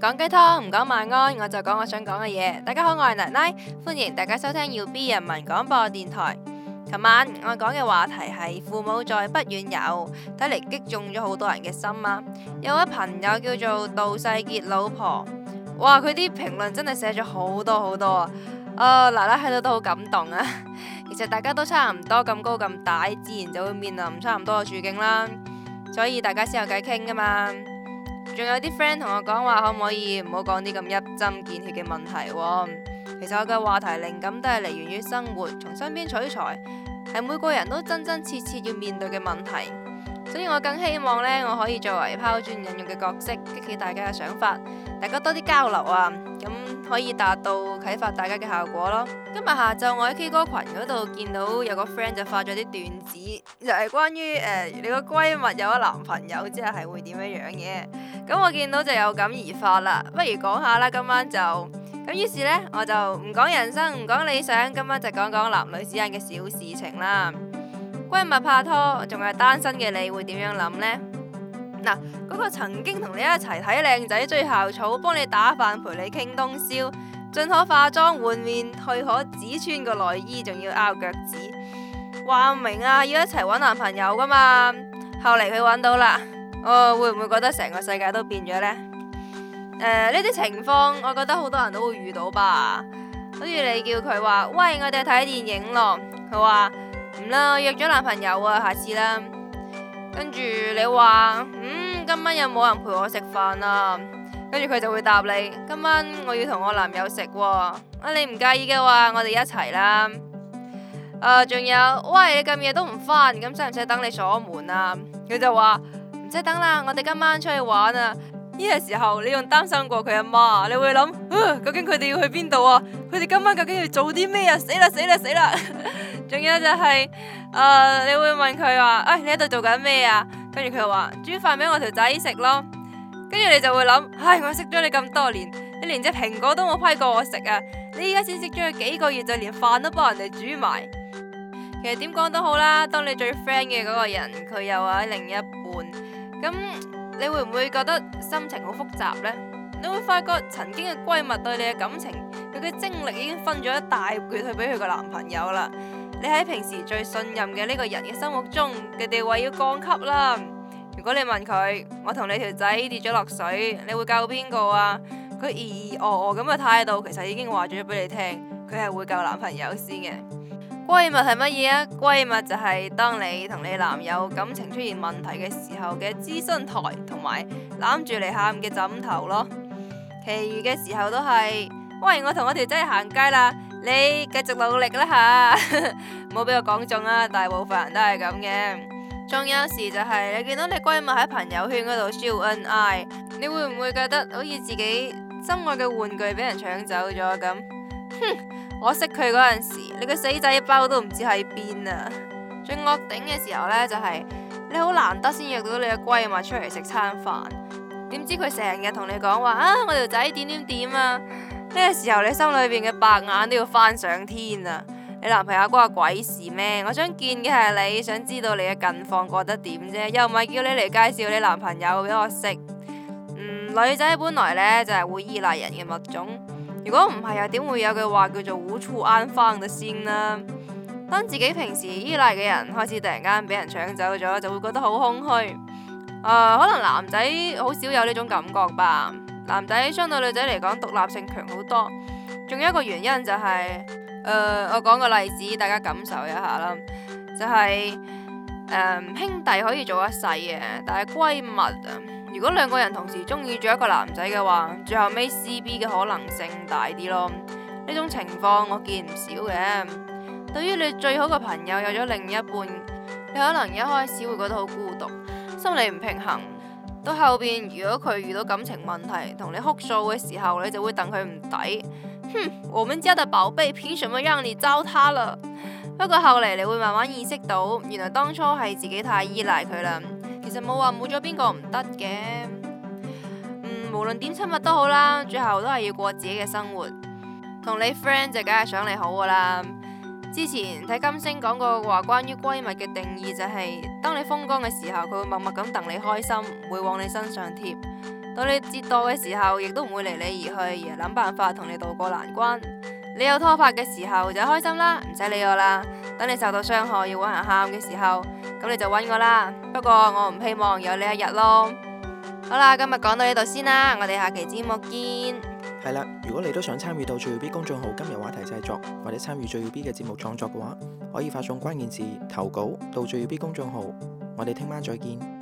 講雞湯唔講晚安，我就講我想講嘅嘢。大家好，我係奶奶，歡迎大家收聽要 B 人民廣播電台。琴晚我講嘅話題係父母在不遠遊，睇嚟擊中咗好多人嘅心啊！有位朋友叫做杜世杰老婆，哇，佢啲評論真係寫咗好多好多啊！啊、哦，奶奶喺度都好感動啊！其實大家都差唔多咁高咁大，自然就會面臨差唔多嘅處境啦，所以大家先有偈傾㗎嘛。仲有啲 friend 同我講話，可唔可以唔好講啲咁一針見血嘅問題，哦？其實我嘅話題靈感都係嚟源於生活，從身邊取材，係每個人都真真切切要面對嘅問題，所以我更希望呢，我可以作為拋磚引玉嘅角色，激起大家嘅想法，大家多啲交流啊！咁。可以達到啟發大家嘅效果咯。今日下晝我喺 K 歌群嗰度見到有個 friend 就發咗啲段子，就係、是、關於誒、呃、你個閨蜜有咗男朋友之後係會點樣樣嘅。咁我見到就有感而發啦，不如講下啦。今晚就咁，於是呢，我就唔講人生，唔講理想，今晚就講講男女之間嘅小事情啦。閨蜜拍拖，仲係單身嘅你會點樣諗呢？嗱，嗰個曾經同你一齊睇靚仔、追校草、幫你打飯、陪你傾通宵、進可化妝換面、退可只穿個內衣，仲要拗腳趾，話明啊，要一齊搵男朋友噶嘛。後嚟佢搵到啦，我、哦、會唔會覺得成個世界都變咗呢？誒、呃，呢啲情況，我覺得好多人都會遇到吧。好似你叫佢話，喂，我哋睇電影咯，佢話唔啦，我約咗男朋友啊，下次啦。跟住你話，嗯，今晚有冇人陪我食飯啊？跟住佢就會答你，今晚我要同我男友食喎，啊，啊你唔介意嘅話，我哋一齊啦。仲、呃、有，喂，你咁夜都唔翻，咁使唔使等你鎖門啊？佢就話唔使等啦，我哋今晚出去玩啊！呢個時候你仲擔心過佢阿媽，你會諗、呃，究竟佢哋要去邊度啊？佢哋今晚究竟要做啲咩啊？死啦死啦死啦！仲 有就係、是。誒，uh, 你會問佢話，誒、哎、你喺度做緊咩啊？跟住佢又話煮飯俾我條仔食咯。跟住你就會諗，唉、哎，我識咗你咁多年，你連隻蘋果都冇批過我食啊！你依家先識咗佢幾個月，就連飯都幫人哋煮埋。其實點講都好啦，當你最 friend 嘅嗰個人，佢又係另一半，咁你會唔會覺得心情好複雜呢？你會發覺曾經嘅閨蜜對你嘅感情，佢嘅精力已經分咗一大半去俾佢個男朋友啦。你喺平時最信任嘅呢個人嘅生活中，嘅地位要降級啦。如果你問佢，我同你條仔跌咗落水，你會救邊個啊？佢咦咦哦哦咁嘅態度，其實已經話咗俾你聽，佢係會救男朋友先嘅。閨蜜係乜嘢啊？閨蜜就係當你同你男友感情出現問題嘅時候嘅諮詢台，同埋攬住嚟喊嘅枕頭咯。其餘嘅時候都係，喂，我同我條仔行街啦。你繼續努力啦吓，唔好俾我講中啊！大部分人都係咁嘅。仲有時就係、是、你見到你閨蜜喺朋友圈嗰度 show 恩愛你會唔會覺得好似自己心愛嘅玩具俾人搶走咗咁？哼，我識佢嗰陣時，你個死仔包都唔知喺邊啊！最惡頂嘅時候呢，就係、是、你好難得先約到你嘅閨蜜出嚟食餐飯，點知佢成日同你講話啊，我條仔點點點啊！呢個時候你心裏邊嘅白眼都要翻上天啦！你男朋友關我鬼事咩？我想見嘅係你想知道你嘅近況過得點啫，又唔係叫你嚟介紹你男朋友俾我識。嗯，女仔本來呢就係、是、會依賴人嘅物種，如果唔係又點會有句話叫做無處安放嘅先啦。當自己平時依賴嘅人開始突然間俾人搶走咗，就會覺得好空虛。誒、呃，可能男仔好少有呢種感覺吧。男仔相對女仔嚟講獨立性強好多，仲有一個原因就係、是，誒、呃，我講個例子，大家感受一下啦，就係、是嗯、兄弟可以做一世嘅，但係閨蜜啊，如果兩個人同時中意咗一個男仔嘅話，最後尾 CB 嘅可能性大啲咯，呢種情況我見唔少嘅。對於你最好嘅朋友有咗另一半，你可能一開始會覺得好孤獨，心理唔平衡。到後邊，如果佢遇到感情問題同你哭訴嘅時候，你就會戥佢唔抵，哼，我們家嘅寶貝，憑什麼讓你糟蹋啦？不過後嚟你會慢慢意識到，原來當初係自己太依賴佢啦。其實冇話冇咗邊個唔得嘅，嗯，無論點親密都好啦，最後都係要過自己嘅生活。同你 friend 就梗係想你好噶啦。之前睇金星講過話，關於閨蜜嘅定義就係，當你風光嘅時候，佢會默默咁戥你開心，唔會往你身上貼；到你折墮嘅時候，亦都唔會離你而去，而係諗辦法同你渡過難關。你有拍拖嘅時候就開心啦，唔使理我啦。等你受到傷害要搵人喊嘅時候，咁你就搵我啦。不過我唔希望有呢一日咯。好啦，今日講到呢度先啦，我哋下期節目見。係啦，如果你都想參與到最 U B 公眾號今日話題製作，或者參與最 U B 嘅節目創作嘅話，可以發送關鍵字投稿到最 U B 公眾號。我哋聽晚再見。